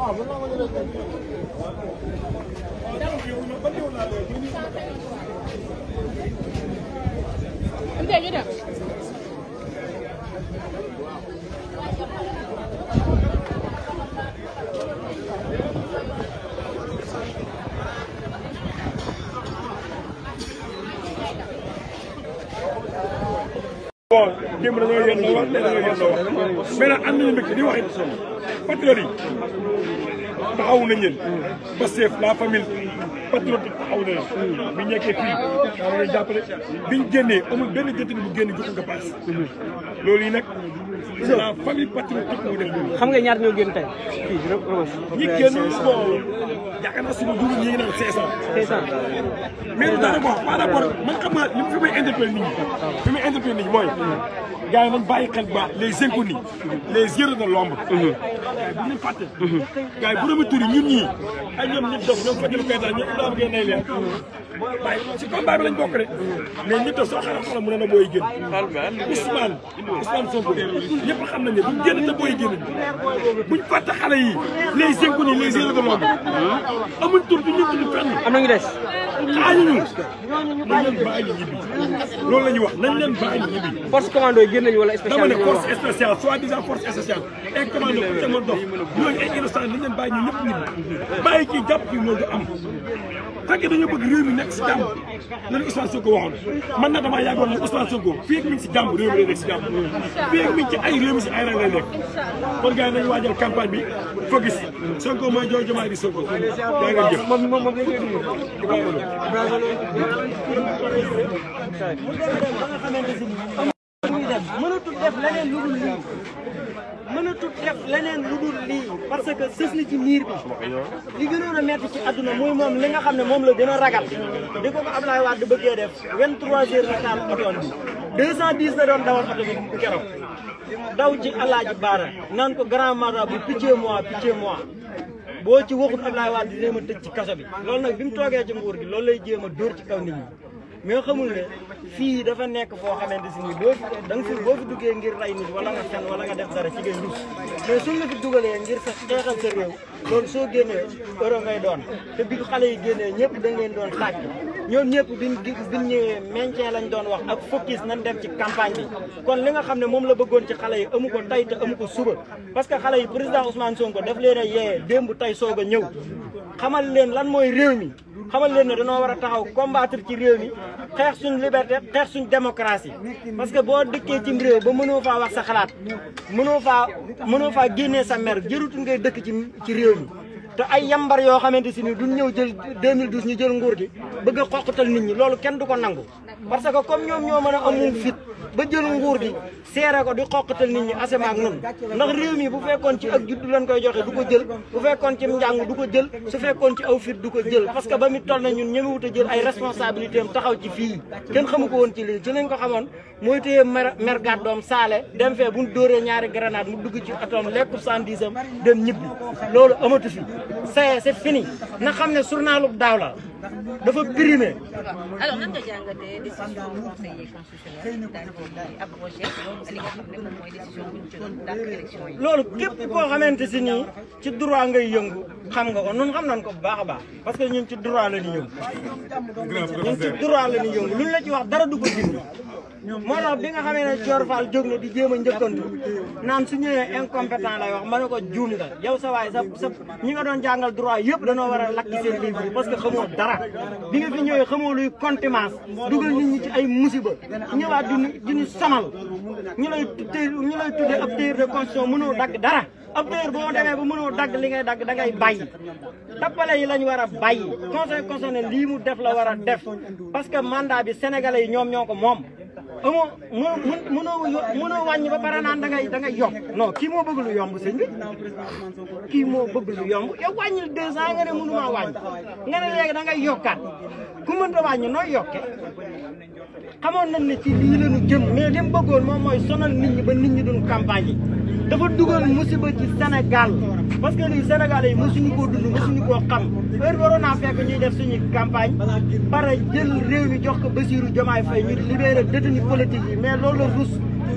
bon démb dañoo yendoo wax ne dañoo yendoo wax mais nag am nañu mbégte di wax it patriote yi taxawu nañ leen. Pastef la famille patriotique taxawu na leen. bi ñu nekkee fii daaw lay jàppale bi ñu génnee amul benn détenu bu génn joxu nga paas. loolu yi nag. c'est la famille patriotique moo def loolu. xam nga ñaar ñoo génn tey. fii ñi génn bon yaakaar naa suba dugub ñi ngi man xam nga li fi may interpellé nit ñi. fi may interpellé nit mooy. gars yi nañ bàyyi xel bu baax les inconnus les héros de l'ombre. Mhm. gars yi bu ñu fàtte. gars yi borom tur yi ay ñoom ñëpp dof ñoom Fadilou Keita ñoom Ibrahima Gueye nay leen. waaye si combat bi lañ bokk rek mais ñëpp dof soo na booy génn. Ousmane Ousmane Sonko ñëpp xam les inconnus les héros de l'ombre. Mhm. amuñ tur bi ñu tudd fenn. am na ñu xaañuñu nañ leen bàyyi ñu ñibbi loolu la ñuy wax nañ leen bàyyi ñu ñibbi. force commando yi génn nañu wala spécial dama ne force spéciale soi-disant force spéciale ay commando ku teg ma dox ñooñu ay innocent nañ leen bàyyi ñu ñëpp ñibbi bàyyi kii jàpp kii loolu du am. fekkee dañoo bëgg réew mi si jàmm lan Ousmane Sonko waxoon man na damaa yàggoon nag Ousmane Sonko fii ak mi si jàmm réew mi lay nekk si jàmm fii mi ngi ay réew mi si ay rang lay nekk kon gars yi nañu waajal campagne bi focus Sonko mooy jooju maa di Sonko yaa ngeen jëf. moom moom moom lañ koy déglu. mënatul def leneen lu dul lii mën mënatut def leneen lu dul lii parce que sës na ci miir bi li gënoon a metti ci àdduna mooy moom li nga xam ne moom la gën a ragal di ko ko Abdoulaye Wade bëggee def 23 heures la taal otoon bi 210 la doon dawal oto bi keroog daw ci alaaji baara naan ko grand marabout pitié moi pitié moi boo ci waxut Abdoulaye Wade di jéem a tëj ci kaso bi loolu nag bi mu toogee ci nguur gi loolu lay jéem a dóor ci kaw nit ñi mais xamul ne fii dafa nekk foo xamante si ni boo da nga fi boo fi duggee ngir rey nit wala nga fen wala nga def dara ci ngay rus mais suñ dugalee ngir sa xeexal sa réew loolu soo génnee euro ngay doon te bi xale yi génnee ñëpp da ngeen doon tàkk ñoom ñëpp biñ biñ ñëwee maintien lañ doon wax ak focus nañ dem ci campagne bi kon li nga xam ne moom la bëggoon ci xale yi amu ko tey te amu ko suba parce que xale yi président Ousmane Sonko daf leen a yee démb tey soog a ñëw xamal leen lan mooy réew mi xamal leen ne dañoo war a taxaw combattre ci réew mi xeex suñ liberté xeex suñ démocratie parce que boo dëkkee ci réew ba mënoo faa wax sa xalaat mënoo faa mënoo faa génnee sa mer jërutu dëkk ci ci réew mi te ay yambar yoo xamante si ni duñ ñëw jël 2012 ñu jël nguur gi bëgg a xoqatal nit ñi loolu kenn du ko nangu parce que comme ñoom ñoo mën a amul fit ba jël nguur gi seere ko di xoqatal nit ñi asama ak nun ndax réew mi bu fekkoon ci ak juddu lañ joxe du ko jël bu fekkoon ci njàng du ko jël su fekkoon ci aw fit du ko jël parce que ba mu toll na ñun ñemewut a jël ay responsabilité taxaw ci fii kenn xamu ko woon ci lii ci lañ ko xamoon mooy téye mer mer gàddoom saale dem fee buñ dóoree ñaari grenade mu dugg ci atom lekku cent dix am dem ñibbi loolu amatu fi c'est fini na xam ne journalu daaw la dafa loolu képp koo xamante si nii ci droit ngay yëngu xam nga ko nun xam nañ ko bu baax a baax parce que ñun ci droit la ñuy yëngu ñun ci la ñuy ci wax dara du ko dindi moo tax bi nga xamee ne Coor Fall jóg na di jéem a njëkkantu naan su ñëwee incompétent lay wax ma ne ko juum nga yow sa waay sa sa ñi nga doon jàngal droit yëpp danoo war a lakk seen parce que xamoo dara bi nga fi ñëwee xamoo luy contumace dugal nit ñi ci ay musiba ñëwaat di diñu sonal ñu lay téye ñu lay tuddee ab téyeur de constitution mënoo dagg dara ab téyeur boo demee ba dagg li ngay dagg da ngay bàyyi tappale yi lañ war a bàyyi conseil constitutionnel lii mu def la war a def parce que mandat bi sénégalais yi ñoom ñoo ko moom amoo mënoo mënoo mënoo wàññi ba pare naan da ngay da ngay yomb non kii moo bëgg lu yomb sëñ bi kii moo bëgg lu yomb yow wàññil deux ans nga ne mënumaa wàññi nga ne léegi da ngay yokkaat ku mënta wàññi nooy yokke xamoon nañ ne ci lii la ñu jëm mais li mu bëggoon moom mooy sonal nit ñi ba nit ñi duñ campagne yi dafa dugal musiba ci Sénégal parce que lii Sénégal yi mosuñu koo dund mosuñu koo xam heure waroon naa fekk ñuy def suñu campagne pare jël réew mi jox ko Bassirou Diomaye Faye ñu libéré détenu politique yi mais loolu la rus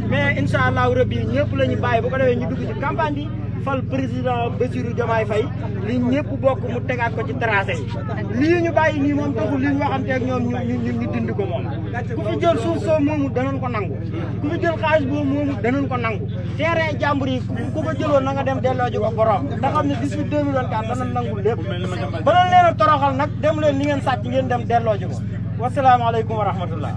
mais incha allahu rabi ñëpp la ñu bàyyi bu ko defee ñu dugg ci campagne bi fal président Bassirou Diomaye Faye li ñëpp bokk mu tegaat ko ci tracé yi lii ñu bàyyi nii moom taxul li ñu waxanteeg ñoom ñu ñu ñu dindi ko moom ku fi jël suuf soo moomu danañ ko nangu ku fi jël xaalis boobu moomu danañ ko nangu terrain jàmbur yi ku ko jëloon na nga dem delloo ji ko borom te xam ne dix-huit deux mille vingt-quatre danañ nangu lépp ba leen leen a toroxal nag dem leen li ngeen sàcc ngeen dem delloo ji ko wasalaamaaleykum wa rahmatullah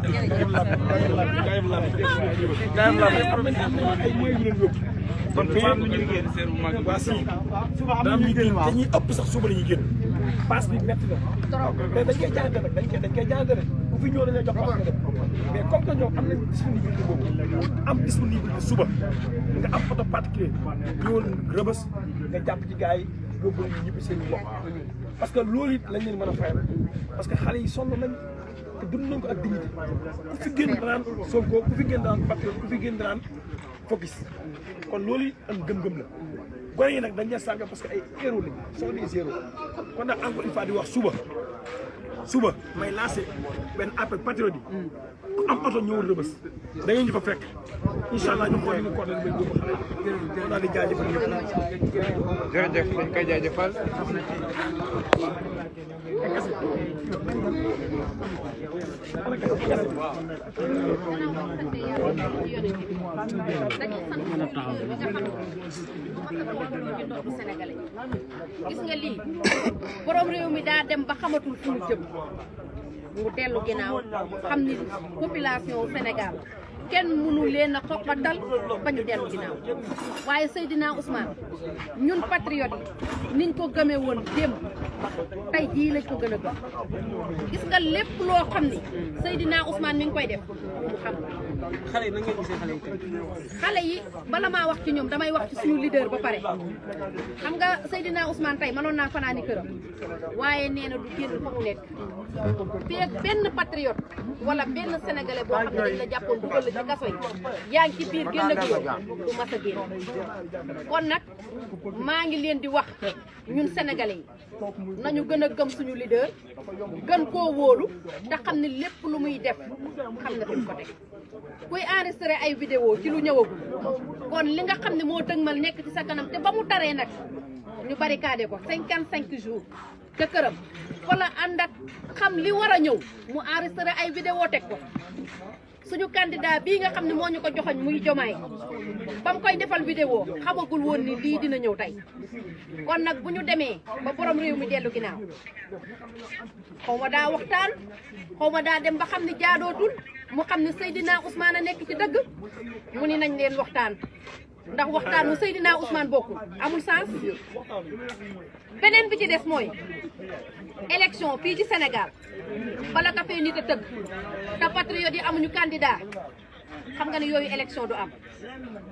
kon fii yëpp ñu ngi génn waa si suba am na ñuy génn waaw dañuy ëpp sax suba la génn paas bi métti na mais dañ koy jaayante dañ koy dañ koy fi ñëw dañ lay jox paas que ñoom am nañ disponibilité suba nga am oto particulier ñëwal rëbës nga jàpp ci i loolu it lañ leen mën a fayal parce que xale yi sonn nañ te dund nañ ko ak dignité ku fi génn daan Sonko ku fi génn daan Patriote ku kon loolu am gëm-gëm la gone yi nag dañ leen sànq parce que ay héros lañ soo di héros kon nag encore une fois di wax suba suba may lancé benn appel patriote yi ku am oto ñëwul rëbës da ngeen ñu fa fekk incha allah ñu xool ñu ko leen bëgg xale yi di jaajëfal ñëpp jërëjëf dañ koy jaajëfal gis nga lii borom réew mi daa dem ba xamatul mu dellu ginnaaw xam ni population Sénégal kenn mënu leen a xoppatal ba ñu dellu ginnaaw waaye Seydina Ousmane ñun patriote niñ ko gëmee woon démb tey jii lañ ko gën a gëm gis nga lépp loo xam ni Seydina Ousmane mi ngi koy def mu xam xale yi nan ngeen xale yi tey xale yi bala maa wax ci ñoom damay wax ci suñu leader ba pare xam nga Seydina Ousmane tey mënoon naa fanaani këram waaye nee na du génn fa mu nekk fekk benn patriote wala benn sénégalais boo xam ne dañ la jàppoon dugal la ci kaso yi yaa ngi ci biir génn ak yow du mas a génn kon nag maa ngi leen di wax ñun sénégalais yi nañu gën a gëm suñu leader gën koo wóolu te xam ni lépp lu muy def xam na fi mu ko teg kuy enregistré ay vidéo ci lu ñëwagul kon li nga xam ne moo dëgmal nekk ci sa kanam te ba mu taree nag ñu barricadé ko cinquante cinq jours te këram fa ànd ak xam li war ñëw mu enregistré ay vidéo teg ko suñu candidat bii nga xam ne moo ñu ko joxoñ muy jomaay ba mu koy defal vidéo xamagul woon ni lii dina ñëw tey kon nag bu ñu demee ba borom réew mi dellu ginnaaw xaw daa waxtaan xaw daa dem ba xam ni jaadootul mu xam ne Seydina Ousmane a nekk ci dëgg mu ni nañ leen waxtaan ndax waxtaanu Seydina Ousmane bokkul amul sens beneen bi ci des mooy élection fii ci Sénégal bala ka fee nit a tëgg te patriote yi amuñu candidat xam nga ne yooyu élection du am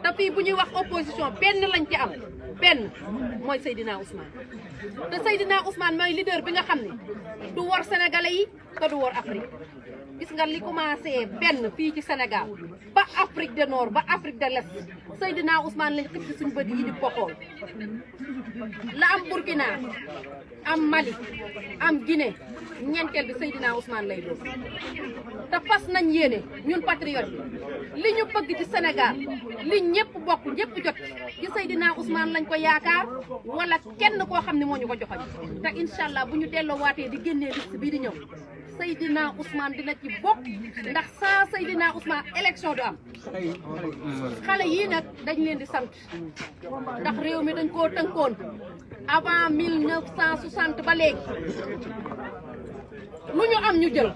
te fii bu ñuy wax opposition benn lañ ci am benn mooy Seydina Ousmane te Seydina Ousmane mooy leader bi nga xam ni du wor sénégalais yi te du wor Afrique gis nga li commencé benn fii ci Sénégal ba Afrique du Nord ba Afrique de l'Est Seydina Ousmane lañ xëpp ci suñu bët yi di bokkool la am Burkina am Mali am Guinée ñeenteel bi Seydina Ousmane lay doon te fas nañ yéene ñun patriote bi li ñu bëgg ci Sénégal li ñëpp bokk ñëpp jot ci Seydina Ousmane lañ ko yaakaar wala kenn koo xam ne moo ñu ko joxoñ te incha allah bu ñu delloo waatee di génnee liste bii di ñëw Seydina Ousmane dina ci bokk ndax sans Seydina Ousmane élection du am xale yii nag dañ leen di sant ndax réew mi dañ koo tënkoon avant mille neuf cent soixante ba léegi lu ñu am ñu jël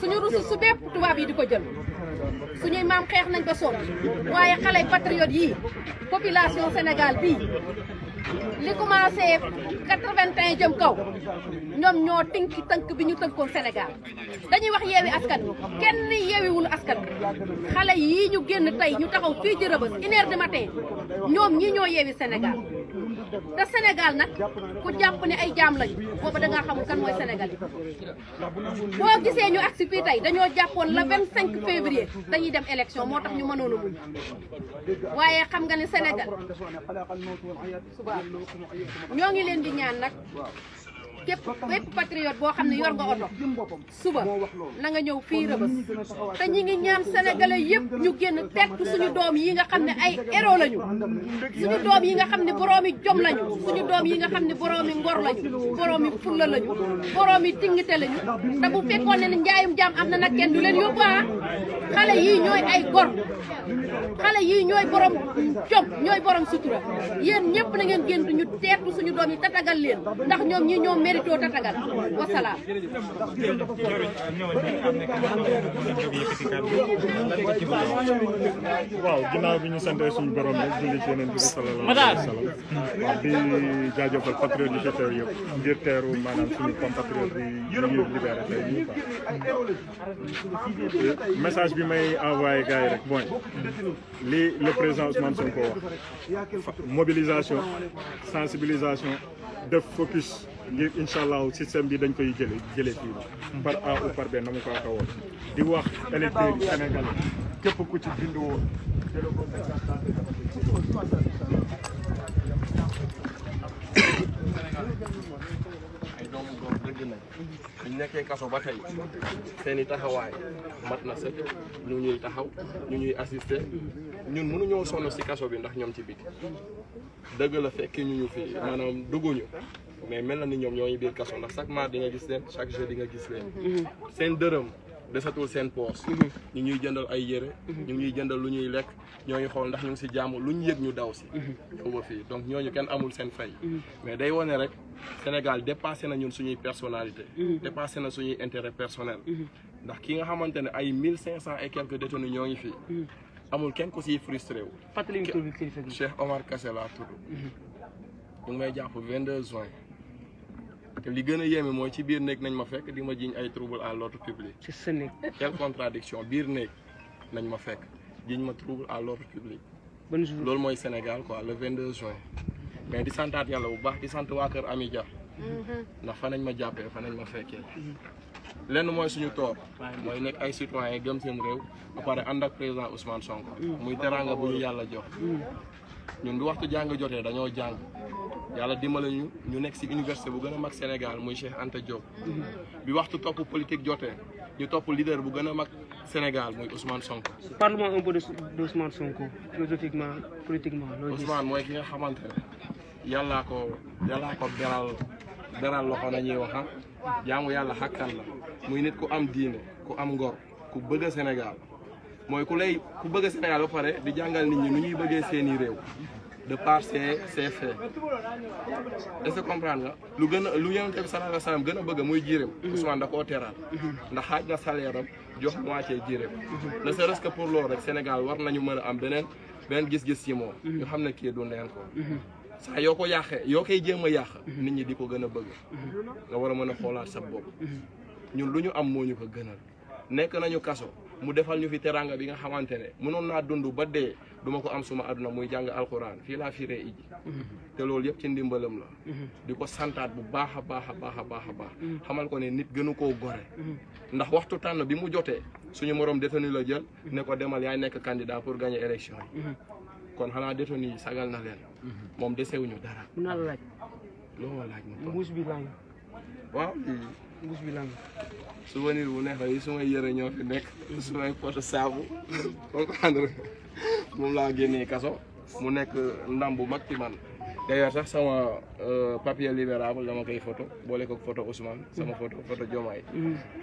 suñu rusu su bépp tubaab yi di ko jël suñuy maam xeex nañ ba sonn waaye xale patriote yii population Sénégal bii li commencé 81 jëm kaw ñoom ñoo tënki tënk bi ñu tënkoon senegal dañuy wax yeewi askan kenn yeewiwul askan xale yii ñu génn tey ñu taxaw fii ci Rebeuss une heure du ñoom ñi ñoo yeewi Sénégal te Sénégal nag ku jàpp ne ay jaam lañu booba da ngaa xamul kan mooy Sénégal boo gisee ñu agsi fii tey dañoo jàppoon la vingt cinq février ñuy dem élection moo tax ñu mënoon a muñ waaye xam nga ne Sénégal ñoo ngi leen di ñaan nag képp képp patriote boo xam ne yor nga oto suba na nga ñëw fii rëbës te ñi ngi ñaan sénégalais yëpp ñu génn tett suñu doom yi nga xam ne ay héros lañu suñu doom yi nga xam ne boroomi jom lañu suñu doom yi nga xam ne boroomi ngor lañu boroomi fulla lañu boroomi tingite lañu te bu fekkoon ne njaayum jaam am na nag kenn du leen yóbbu ah xale yii ñooy ay gor xale yii ñooy borom jom ñooy borom sutura yéen ñëpp na ngeen génn ñu teetu suñu doom yi tatagal leen ndax ñoom ñi ñoom Mito Tatagal waaw ginnaaw bi ñu sant suñu borom nag julli bi sallallahu alayhi wa sallam waaw di jaajëfal patriote yi fi teew yëpp ngir teeru maanaam suñu compatriote bi ñu libéré tey ñu euh, message bi may envoyé gars yi rek mooy li le président Ousmane Sonko wax mobilisation sensibilisation def focus ngir incha allahu système bi dañ koy jële jëlee fii par A ou par B ko waxee woon di wax électeurs yi Sénégal képp ku ci bindu woon ñu nekkee kaso ba tey seen i taxawaay mat na sëkk ñu ñuy taxaw ñu ñuy assister ñun mënuñoo sonn si kaso bi ndax ñoom ci biti dëgg la fekk ñu ñu fii maanaam dugguñu mais mel na ni ñoom ñoo ñu biir kaso ndax chaque mardi di nga gis leen chaque jeudi di nga gis leen. Mhm. Mhm. seen dërëm desatul seen poos. Mhm. ñu ñuy jëndal ay yére. ñu ñuy jëndal lu ñuy lekk ñoo ñu xool ndax ñu ngi si jàmm lu ñu yëg ñu daw si. ñëw ba fii kenn amul seen fay. mais day wane rek Sénégal dépassé na ñun suñuy personnalité. dépassé na suñuy intérêt personnel. ndax ki nga xamante ne ay mille cinq cent et quelques détenus ñoo ngi fii. amul kenn ko si frustré wu. fàttali ñu tur bi Cheikh Omar Kassé laa tudd. ñu may jàpp 22 juin. te li gën a yéeme mooy ci biir néeg nañ ma fekk di ma jiñ ay trouble à l'ordre public. ci sa néeg quelle contradiction biir néeg nañ ma fekk jiñ ma trouble à l'ordre public. loolu mooy Sénégal quoi le 22 juin. mais di santaat yàlla bu baax di sant waa kër Ami Dia. Mm-hmm. ndax fa nañ ma jàppee fa nañ ma fekkee. Mm-hmm. lenn mooy suñu toor mooy nekk ay citoyen gëm seen réew ba pare ànd ak président Ousmane Sonko. Mm-hmm. muy teraanga bu ñu yàlla jox. ñun du waxtu jàng jotee dañoo jàng. yàlla dimbale ñu ñu nekk si université bu gën a mag Sénégal muy Cheikh ante Diop. Mhm. bi waxtu topp politique jote ñu topp leader bu gën a mag Sénégal muy Ousmane Sonko. parle-moi un peu de Ousmane Sonko philosophiquement mooy ki nga xamante ne yàllaa ko yàllaa ko beral beral loxo nañuy wax ah jaamu yàlla xàkkan la muy nit ku am diine ku am ngor ku bëgg a Sénégal mooy ku lay ku bëgg Sénégal ba pare di jàngal nit ñi nu ñuy bëggee seeni réew. de par ses ses faits que comprendre nga lu gën a lu yonent bi sallallahu alayhi wa sallam gën a bëgg muy jiireem mhm. Ousmane da koo teral mhm. ndax xaaj na salaire jox moitié jiireem mhm. ne serait-ce que pour loolu rek Sénégal war nañu mën a am beneen beneen gis-gis si moom ñu xam ne kii du neen ko sax yoo ko yàqee yoo koy jéem a yàq nit ñi di ko gën a bëgg nga war a mën a xoolaat sa bopp ñun lu ñu am moo ñu ko gënal nekk nañu kaso mu defal ñu fi teranga bi nga xamante ne mënoon naa dund ba dee duma ko am suma àdduna muy jàng alxuraan fii laa firee iji te loolu yëpp ci ndimbalam la di ko santaat bu baax a baax a baax a baax a baax xamal ko ne nit gënu koo gore ndax waxtu tànn bi mu jotee suñu morom détenu la jël ne ko demal yaay nekk candidat pour gagner élection yi kon xanaa détenu yi sagal na leen moom desewuñu dara na la laaj loo ma laaj ma mbuus bi lan waaw mbuus bi lan souvenir neex la yi sumay yëre fi nekk sumay poto saabu comprendre moom laa génnee kaso mu nekk ndam bu mag ki man d'ailleurs sax sama euh, papier libérable dama koy photo boole ko photo Ousmane sama photo photo Diomaye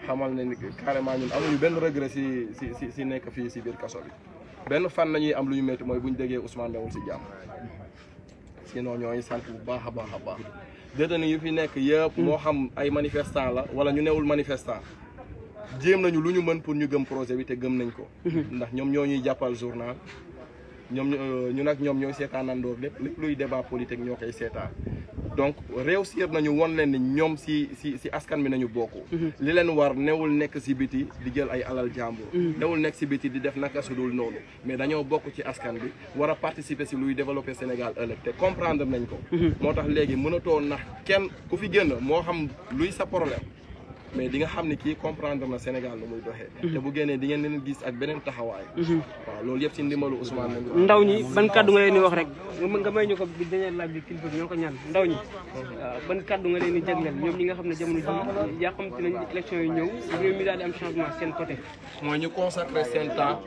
xamal ne ni carrément ñun amuñu benn regret si si nekk fii si biir kaso bi benn fan nañuy am lu ñu métti mooy bu ñu déggee Ousmane newul si jàmm sinon ñooy sant bu baax a baax a baax détenu yu fi nekk yëpp moo xam ay manifestant la wala ñu newul manifestant jéem nañu lu ñu mën pour ñu gëm projet bi te gëm nañ ko mm-hmm. ndax ñoom ñoo ñuy jàppal journal ñoom euh, ñu nag ñoom ñooy seetaanandoor lépp luy débat politique ñoo koy seetaan donc réussir nañu won leen ni ñoom si si si askan bi nañu bokk. Mhm. li leen war newul nekk si biti di jël ay alal jàmbur. Mhm. newul nekk si biti di def naka su dul noonu mais dañoo bokk ci askan bi wara a participer si luy développer Sénégal ëllëg te comprendre nañ ko. Mhm. moo tax léegi mënatoo nax kenn ku fi génn moo xam luy sa problème. mais di nga xam ne kii comprendre na Sénégal lu muy doxee mhm. te bu génnee di ngeen leen gis ak beneen taxawaay mhm. waaw loolu yëpp ci ndimbalu Ousmane nañ ndaw ñi ban kaddu nga leen wax rek nga may ñu ko bi kaddu nga ñoom ñi nga xam ne jamono ji yaa xamante nañ élection yi ñëw mi daal di am changement seen côté mooy ñu consacré seen temps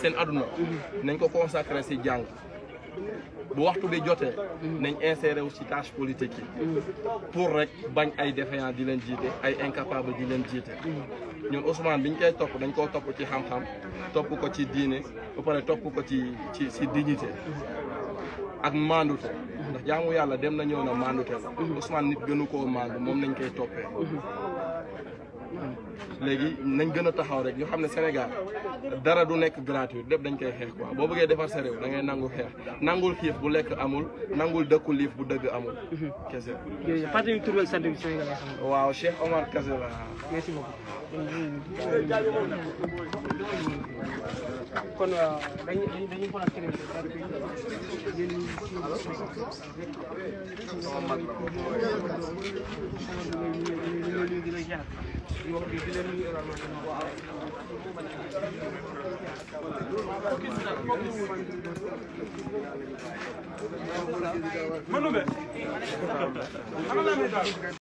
seen adduna mhm. nañ ko consacré si jàng bu waxtu bi jotee nañ inséré wu ci tâche politique yi pour rek bañ ay défaillant di leen jiite ay incapable di leen jiite ñun Ousmane biñ koy topp dañ koo topp ci xam-xam topp ko ci diine ba pare topp ko ci ci ci dignité ak maandute ndax jaamu yàlla dem na ñëw na maandute la nit gënu koo maandu moom nañ koy toppee léegi nañ gën a taxaw rek ñu xam ne Sénégal dara du nekk gratuit lépp dañ koy xeex quoi boo bëggee defar sa réew da ngay nangu xeex nangul xiif bu lekk amul nangul dëkku liif bu dëgg amul. Mhm. kese. jërëjëf Fatou Ndiaye tur beeg sant waaw Cheikh Omar Kase la. merci beaucoup. kon euh, dañuy dañuy dañuy faral keneen Manu be,